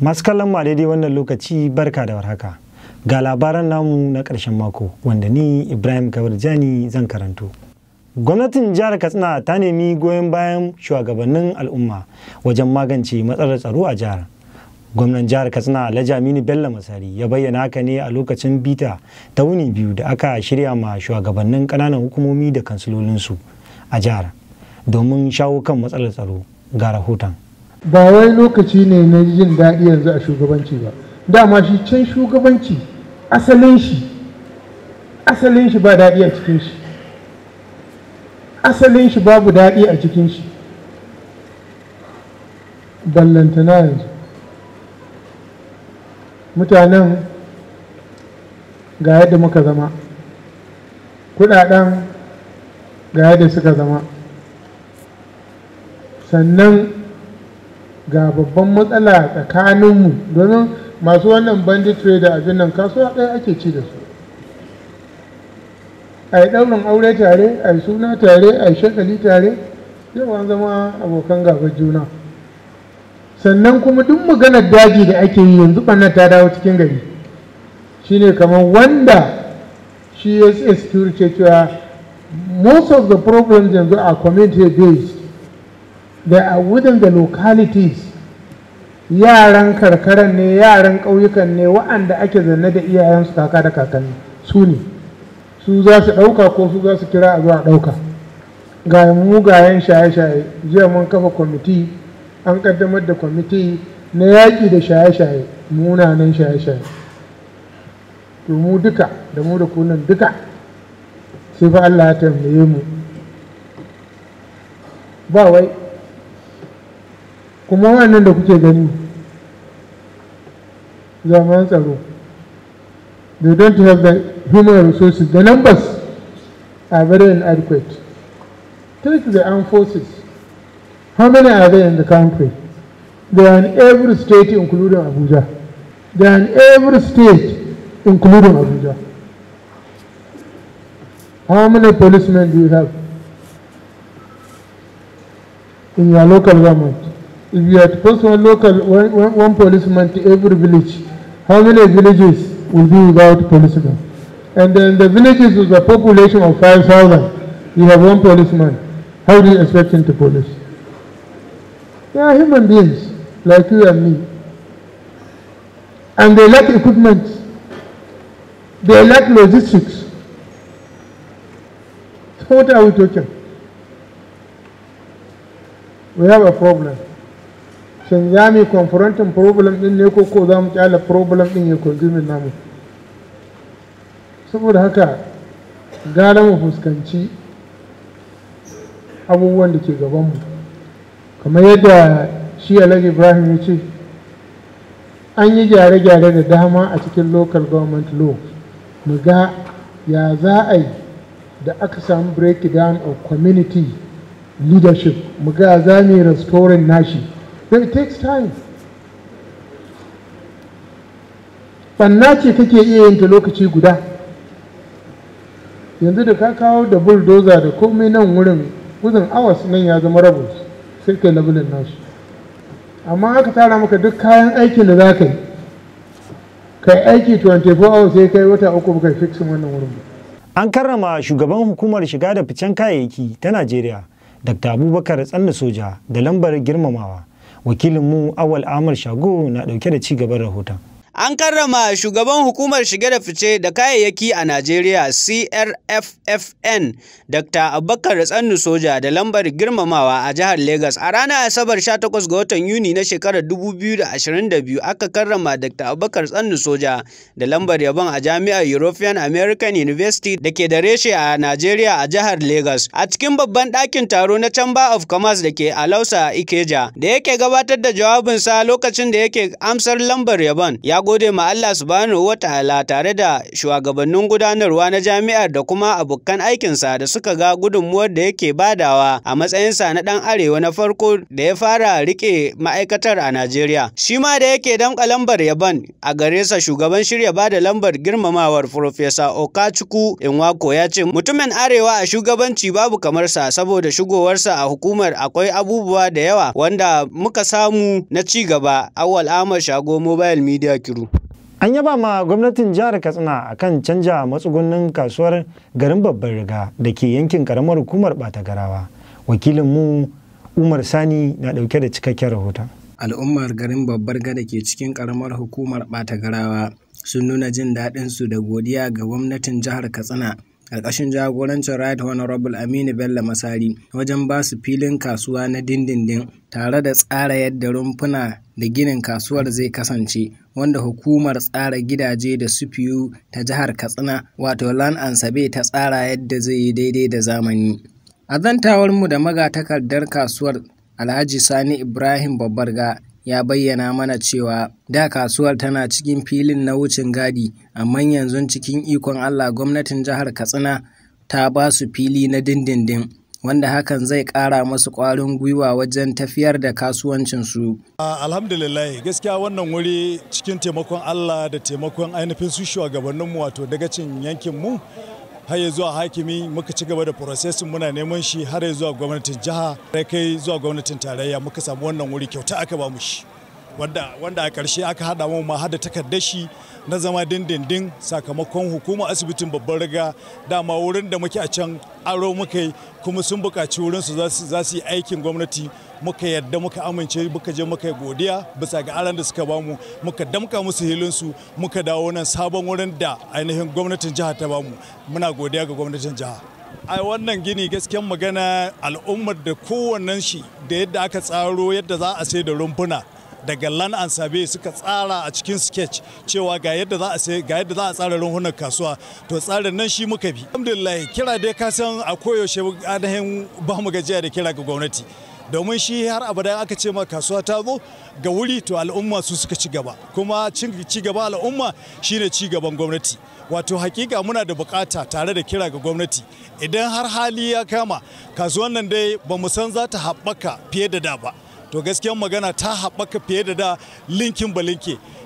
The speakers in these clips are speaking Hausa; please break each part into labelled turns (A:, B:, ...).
A: masu kallon ma daidai wannan lokaci barka da warhaka ga labaran namu na ƙarshen mako wanda ni ibrahim kabir zan karanto gwamnatin jihar katsina ta nemi goyon bayan shugabannin al'umma wajen magance matsalar tsaro a jihar gwamnan jihar katsina alhaji aminu bello masari ya bayyana haka ne a lokacin bita ta wuni biyu da aka shirya ma shugabannin kananan hukumomi da kansilolinsu a jihar domin shawo kan matsalar tsaro ga rahoton ba wai lokaci ne na jin daɗi yanzu a shugabanci ba dama shi can
B: shugabanci asalin shi asalin shi ba daɗi a cikin shi asalin shi babu daɗi a cikin shi ballantana yanzu mutanen ga yadda muka zama kudaden ga yadda suka zama sannan ga babban matsala tsakaninmu domin masu wannan bandit trader abin nan kasuwa ɗaya ake ci da su a yi ɗaurin aure tare a yi suna tare a yi shagali tare yau zama abokan gabar juna sannan kuma duk maganar daji da ake yi yanzu ɓannan ta dawo cikin gari shine kamar wanda shi ya security cewa most of the problems yanzu are community based they are within the localities yaran karkaran ne yaran ƙauyukan ne wa'anda ake zanne da iyayensu kaka da kakanni su ne su za su ɗauka ko su za su kira a zuwa ɗauka ga mugayen shaye-shaye jiya mun kafa kwamiti an ƙaddamar da kwamiti na yaƙi da shaye-shaye munanan shaye-shaye to mu duka da mu da kunan duka sai fa Allah ya tambaye mu ba wai kuma wannan da kuke gani zaman tsaro they don't have the human resources, the numbers are very inadequate. Take the armed forces. How many are there in the country? They are in every state, including Abuja. They are in every state, including Abuja. How many policemen do you have in your local government? If you had post one local, one, one, one policeman to every village, how many villages will be without policemen? And then the villages with a population of 5,000, you have one policeman. How do you expect him to police? They are human beings, like you and me. And they lack equipment. They lack logistics. So what are we talking? We have a problem. Shin za mu confronting problem ɗin ne ko ko a problem ɗin ya consume namu. saboda haka gara mu fuskanci abubuwan da ke gabanmu kamar yadda shi alhaji ibrahim ya ce an yi gyare-gyare da dama a cikin local government law mu ga ya za a yi da aka samu breakdown of community leadership mu ga za mu yi restoring nashi but it takes time banna ce take iya yin ta lokaci guda yanzu da ka kawo da bulldozer da komai nan wurin gudun awas nan ya zama rabus sai kai labulin nasu amma aka tara maka duk kayan aikin da za ka yi kai aiki 24 hours sai kai wata uku ba fixin wannan wurin
A: an karrama shugaban hukumar shiga da ficen kayayyaki ta najeriya dr abubakar tsanna soja da lambar girmamawa wakilinmu awal amur shago na dauke da ci gaban rahoton An karrama
C: shugaban hukumar shige da fice da kayayyaki a Najeriya CRFFN Dr. Abubakar Tsannu Soja da lambar girmamawa a jihar Legas a ranar Asabar 18 ga watan Yuni na shekarar 2022 aka karrama Dr. Abubakar Tsannu Soja da lambar yabon a Jami'ar European American University da ke da reshe a Najeriya a jihar Legas a cikin babban ɗakin taro na Chamber of Commerce da ke Alausa Ikeja da yake gabatar da jawabinsa lokacin da yake amsar lambar yabon ya gode ma Allah subhanahu wa ta'ala tare da shugabannin gudanarwa na jami'ar da kuma abokan aikinsa da suka ga gudunmuwar da yake badawa a matsayinsa na ɗan arewa na farko da ya fara riƙe ma'aikatar a Najeriya. Shi ma da yake damƙa lambar yaban a gare sa shugaban shirya bada lambar girmamawar Profesa Okachukwu Inwako ya ce mutumin arewa a shugabanci babu kamar sa saboda shigowarsa a hukumar akwai abubuwa da yawa wanda muka samu na ci gaba. Awal Ahmad Shago Mobile Media Crew.
A: An yaba ma gwamnatin jihar Katsina akan canja matsugunin kasuwar garin babbar riga da ke yankin karamar hukumar Batagarawa. Wakilinmu Umar Sani na ɗauke da cikakken rahoton.
D: Al'ummar garin babbar gada ke cikin karamar hukumar Batagarawa sun nuna jin daɗin su da godiya ga gwamnatin jihar Katsina ƙarƙashin jagorancin right honorable aminu bello masari wajen ba su filin kasuwa na dindindin tare da tsara yadda rumfuna da ginin kasuwar zai kasance wanda hukumar tsara gidaje da sufiyu ta jihar katsina wato land and ta tsara yadda zai yi daidai da zamani a zantawarmu da magatakardar kasuwar alhaji sani ibrahim babbarga ya bayyana mana cewa da kasuwar tana cikin filin na wucin gadi amma yanzu cikin ikon allah gwamnatin jihar katsina ta ba su fili na dindindin wanda hakan zai kara masu kwarin gwiwa wajen tafiyar da kasuwancinsu.
E: Alhamdulillah gaskiya wannan wuri cikin taimakon Allah da taimakon ainihin su shugabanninmu wato daga yankin yankinmu har zuwa hakimi muka ci gaba da prosesin muna neman shi har zuwa gwamnatin jiha kai zuwa gwamnatin tarayya muka samu wannan wuri kyauta aka ba mu shi. wanda a karshe aka hada mu ma hada takardar shi na zama dindindin sakamakon hukuma asibitin babban riga dama wurin da muke a can aro muka yi kuma sun buƙaci wurin su za su yi aikin gwamnati muka yadda muka amince muka je muka yi godiya bisa ga aran da suka bamu muka damka musu hilin su muka dawo nan sabon wurin da ainihin gwamnatin jiha ta bamu muna godiya ga gwamnatin jiha ai wannan gini gaskiyan magana al'ummar da kowannen shi da yadda aka tsaro yadda za a sai da rumfuna daga lan an suka tsara a cikin sketch cewa ga yadda za a sai ga yadda za a tsara runhunan kasuwa to tsarin nan shi muka bi alhamdulillah kira dai ka san a koyaushe anahin ba mu gajiya da kira ga gwamnati domin shi har abada aka ce ma kasuwa ta zo ga wuri to al'umma su suka ci gaba kuma ci gaba al'umma shine ci gaban gwamnati wato hakika muna da bukata tare da kira ga gwamnati idan har hali ya kama kasuwan nan dai bamu san za ta haɓaka fiye da da ba to gaskiyar magana ta haɓaka fiye da da linkin ba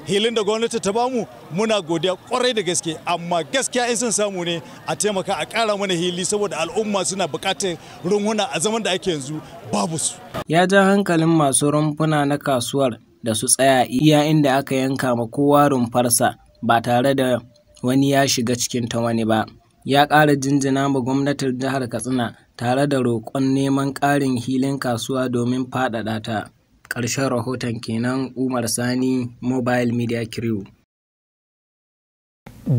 E: hilin da gwamnati ta bamu muna godiya kwarai da gaske amma gaskiya in sun samu ne a taimaka a ƙara mana hili saboda al'umma suna buƙatar runhuna a zaman da ake yanzu
D: babu su ya ja hankalin masu rumfuna na kasuwar da su tsaya iya inda aka yanka ma kowa rumfarsa ba tare da wani ya shiga cikin ta wani ba ya ƙara jinjina ma gwamnatin jihar katsina tare da roƙon neman ƙarin hilin kasuwa domin faɗaɗa ta ƙarshen rahoton kenan umar sani mobile media crew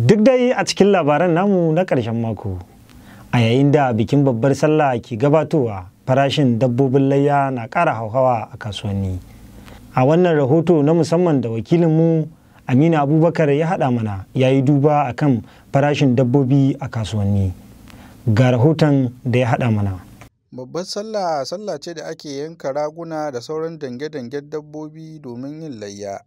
A: duk dai a cikin labaran namu na ƙarshen mako a yayin da bikin babbar sallah ke gabatowa farashin dabbobin layya na ƙara hauhawa a kasuwanni a wannan rahoto na musamman da wakilinmu aminu abubakar ya haɗa mana ya yi duba a kan farashin dabbobi a kasuwanni ga rahoton da ya haɗa mana
F: Babban sallah sallah ce da ake yanka raguna da sauran dange-dangen dabbobi domin yin layya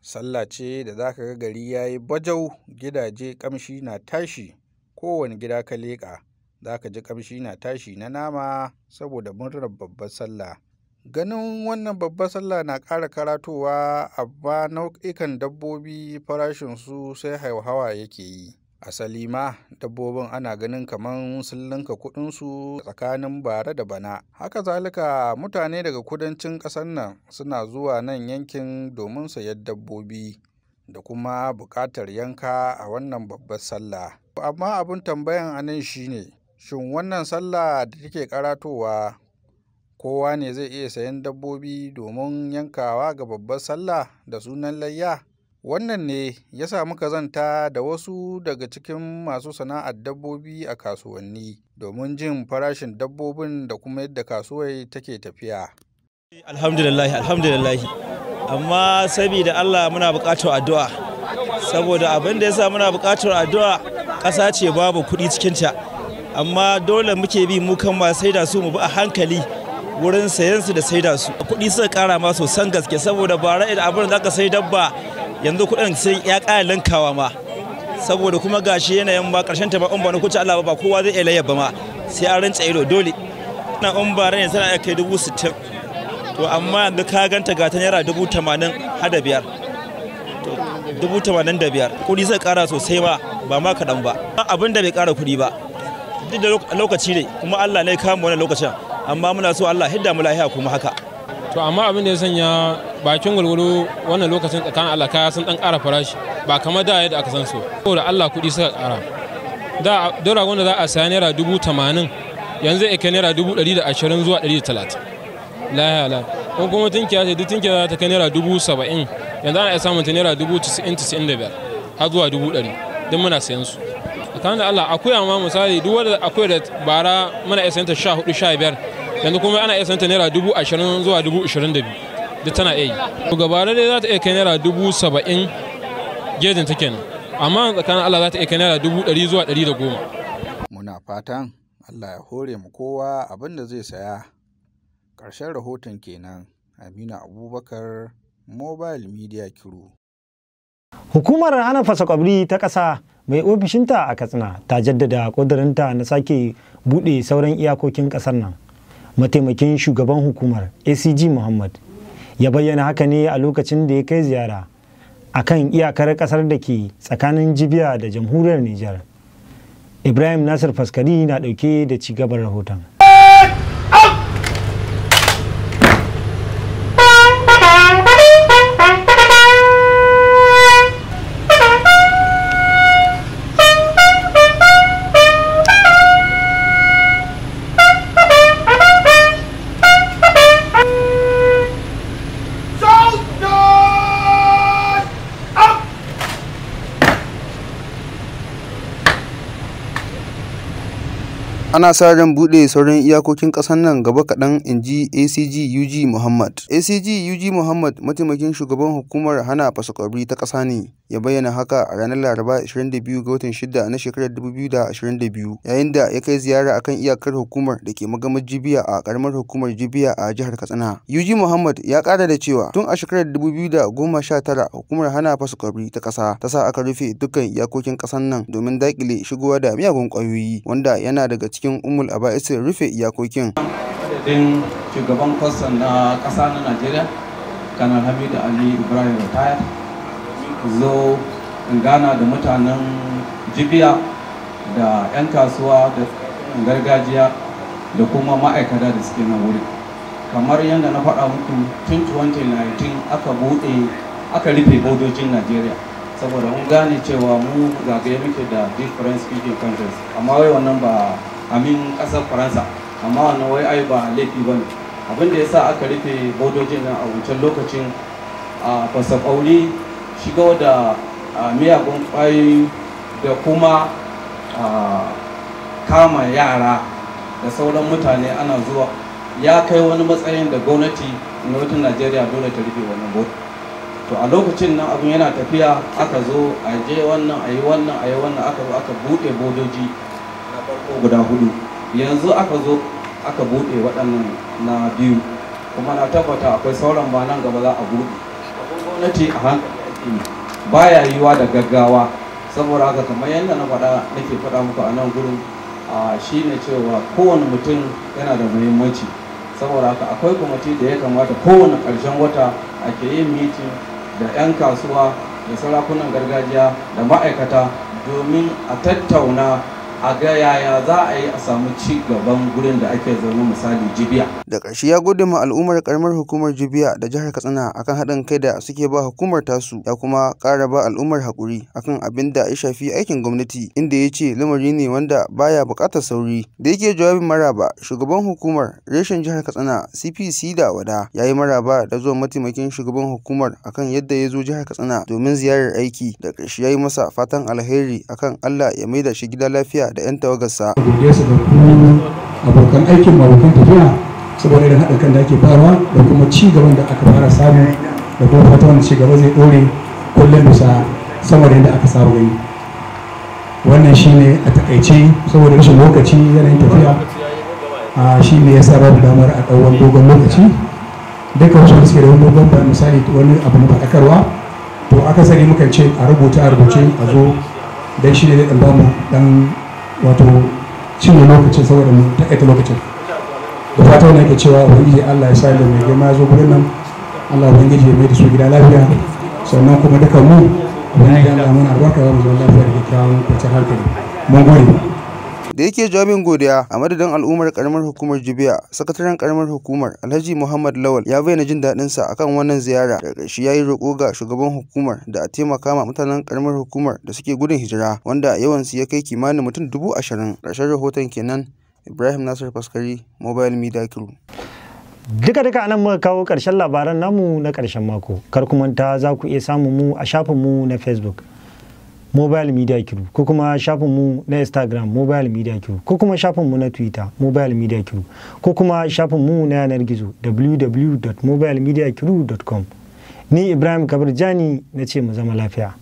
F: sallah ce da za ka ga gari ya yi bajau gidaje kamshi na tashi kowane gida ka leƙa za ka ji kamshi na tashi na nama saboda murnar babbar sallah ganin wannan babbar sallah na ƙara karatowa ba nau'ikan dabbobi farashinsu sai hauhawa yake yi asali ma dabbobin ana ganin kaman sun linka kuɗinsu tsakanin bara da bana haka zalika mutane daga kudancin ƙasar nan suna zuwa nan yankin domin sayar dabbobi da kuma buƙatar yanka a wannan babbar sallah amma abin tambayan anan shine shin wannan sallah da take karatowa kowa ne zai iya sayan dabbobi domin yankawa ga babbar sallah da sunan layya wannan ne ya samu kazanta da wasu daga cikin masu sana'ar dabbobi a kasuwanni domin jin farashin dabbobin da kuma yadda kasuwai take tafiya
G: alhamdulillahi alhamdulillahi amma saboda allah muna buƙatar addu'a saboda abin da yasa muna buƙatar addu'a ƙasa ce babu kuɗi cikinta amma dole muke bi mu kan sai da su mu bi a hankali wurin sayan su da saida su kuɗi suka kara ma sosan gaske saboda bara da abin da aka sai dabba yanzu kuɗin sai ya ƙara linkawa ma saboda kuma gashi yanayin ba ƙarshen ta ba in ba na kuce Allah ba kowa zai iya layar ba ma sai an rantsa ido dole na in ba ran tana iya kai dubu sittin to amma yanzu ka ganta ga ta naira dubu tamanin hada biyar dubu tamanin da biyar kuɗi suka ƙara sosai ma ba ma kaɗan ba abin da bai ƙara kuɗi ba duk da lokaci ne kuma Allah ne kama wani lokacin amma muna so Allah hidda mu lafiya kuma haka
D: to amma abin da ya sanya bakin walwalo wannan lokacin tsakanin Allah sun dan ƙara farashi ba kamar da yadda aka san so saboda Allah kuɗi suka ƙara da dora wanda za a saya naira dubu tamanin yanzu ya kai naira dubu ɗari da ashirin zuwa ɗari da talatin lahiya la in kuma ya ce duk za ta kai naira dubu saba'in yanzu ana iya samun ta naira dubu tisa'in tisa'in da biyar har zuwa dubu ɗari duk muna sayan su tsakanin da Allah akuya ma misali duk wanda akuya da bara muna iya sayan ta sha hudu sha biyar yanzu kuma ana iya santa naira dubu ashirin zuwa dubu ashirin da biyu duk tana iya yi gabara dai za ta iya kai naira dubu saba'in gejin ta kenan amma tsakanin allah za ta iya kai naira dubu ɗari zuwa ɗari da goma
F: muna fatan allah ya hore mu kowa abin da zai saya ƙarshen rahoton kenan amina abubakar mobile media kiru.
A: Hukumar hana fasakwabri ta ƙasa mai ofishinta a Katsina ta jaddada ƙudurinta na sake buɗe sauran iyakokin ƙasar nan mataimakin shugaban hukumar acg muhammad ya bayyana haka ne a lokacin da ya kai ziyara a kan iyakar kasar da ke tsakanin jibiya da jamhuriyar nijar ibrahim nasir faskari na dauke da cigaban rahoton
H: ana sa ran bude sauran iyakokin ƙasar nan gaba kaɗan in ji acg ug muhammad acg ug muhammad mataimakin shugaban hukumar hana fasakwabri ta ƙasa ne ya bayyana haka a ranar Laraba 22 ga watan 6 na shekarar 2022 yayin da ya kai ziyara akan iyakar hukumar da ke magamar Jibiya a karamar hukumar Jibiya a jihar Katsina. Yuji Muhammad ya kara da cewa tun a shekarar 2019 hukumar hana kwabri ta kasa ta sa aka rufe dukkan iyakokin kasan nan domin dakile shigowa da miyagun kwayoyi wanda yana daga cikin umul aba'isir rufe iyakokin.
G: Madadin shugaban kwastan na kasa na Najeriya, Kanar Hamidu Ali Ibrahim Retired, zo in gana da mutanen jibiya da 'yan kasuwa da gargajiya da kuma ma'aikata da suke na wuri kamar yadda na faɗa muku tun 2019 aka buɗe aka rufe bodojin najeriya saboda mun gane cewa mu zagaye muke da different speaking countries amma wai wannan ba amin ƙasar faransa amma wannan wai ai ba laifi ba ne abin ya sa aka rufe bodojin nan a wancan lokacin a fasafauri shigo da miyagun kwayoyi da kuma kama yara da sauran mutane ana zuwa ya kai wani matsayin da gwamnati gwamnatin najeriya dole ta rufe wannan board to a lokacin nan abin yana tafiya aka zo a je wannan a yi wannan a yi wannan aka zo aka buɗe bodoji na farko guda hudu yanzu aka zo aka buɗe waɗannan na biyu kuma na tabbata akwai sauran ba nan gaba za a buɗe gwamnati a hankali baya yiwuwa da gaggawa saboda haka kamar yadda na faɗa nake faɗa muku a nan gurin shi ne cewa kowane mutum yana da muhimmanci saboda haka akwai kwamiti da ya kamata kowane ƙarshen wata ake yin mitin da 'yan kasuwa da sarakunan gargajiya da ma'aikata domin a tattauna a ga yaya za a yi a samu ci gaban gurin da ake zaune misali jibiya.
H: Da ƙarshe ya gode ma al'ummar karamar hukumar jibiya da jihar Katsina akan haɗin kai da suke ba hukumar tasu ya kuma ƙara ba al'ummar haƙuri akan abin da ya shafi aikin gwamnati inda ya ce lamari ne wanda baya buƙatar sauri. Da yake jawabin maraba shugaban hukumar reshen jihar Katsina CPC da wada ya yi maraba da zuwa mataimakin shugaban hukumar akan yadda ya zo jihar Katsina domin ziyarar aiki da ƙarshe ya yi masa fatan alheri akan Allah ya maida shi gida lafiya da 'yan tawagarsa. Godiyarsa
B: abokan aikin abokan tafiya saboda irin haɗin kan da ake farawa da kuma ci gaban da aka fara samu da kuma fata wani ci gaba zai ɗore kullum bisa sama da yadda aka saba yi. Wannan shi ne a takaice saboda rashin lokaci yanayin tafiya shi ne ya sa babu damar a ɗauwan dogon lokaci. Duka wasu wasu da wani dogon ba misali wani abu na faɗakarwa to akasari mukan ce a rubuta a rubuce a zo don shi ne zai ɗan bamu ɗan wato cinye lokacin saboda mu takaita lokacin da fata wani ake cewa ubangiji allah ya sa da mai girma ya zo gurin nan allah ubangiji ya mai da su gida lafiya sannan kuma duka mu ubangiji allah mana albarka za mu zama lafiya da kyakkyawan kwanciyar hankali mun gode
H: da yake jawabin godiya a madadin al'ummar karamar hukumar jubiya sakataren karamar hukumar alhaji muhammad lawal ya bayyana jin daɗin sa akan wannan ziyara da ƙarshe yayi yi roƙo ga shugaban hukumar da a taimaka ma mutanen karamar hukumar da suke gudun hijira wanda yawan su ya kai kimanin mutum dubu ashirin ƙarshen rahoton kenan ibrahim nasir faskari mobile media crew
A: duka duka anan muka kawo karshen labaran namu na karshen mako kar ku manta za ku iya samu mu a shafin mu na facebook mobile media crew ko kuma shafin mu na instagram mobile media crew ko kuma shafin mu na twitter mobile media crew ko kuma shafin mu na yanar gizo www.mobilemediacrew.com ni ibrahim kabir na ce mu zama lafiya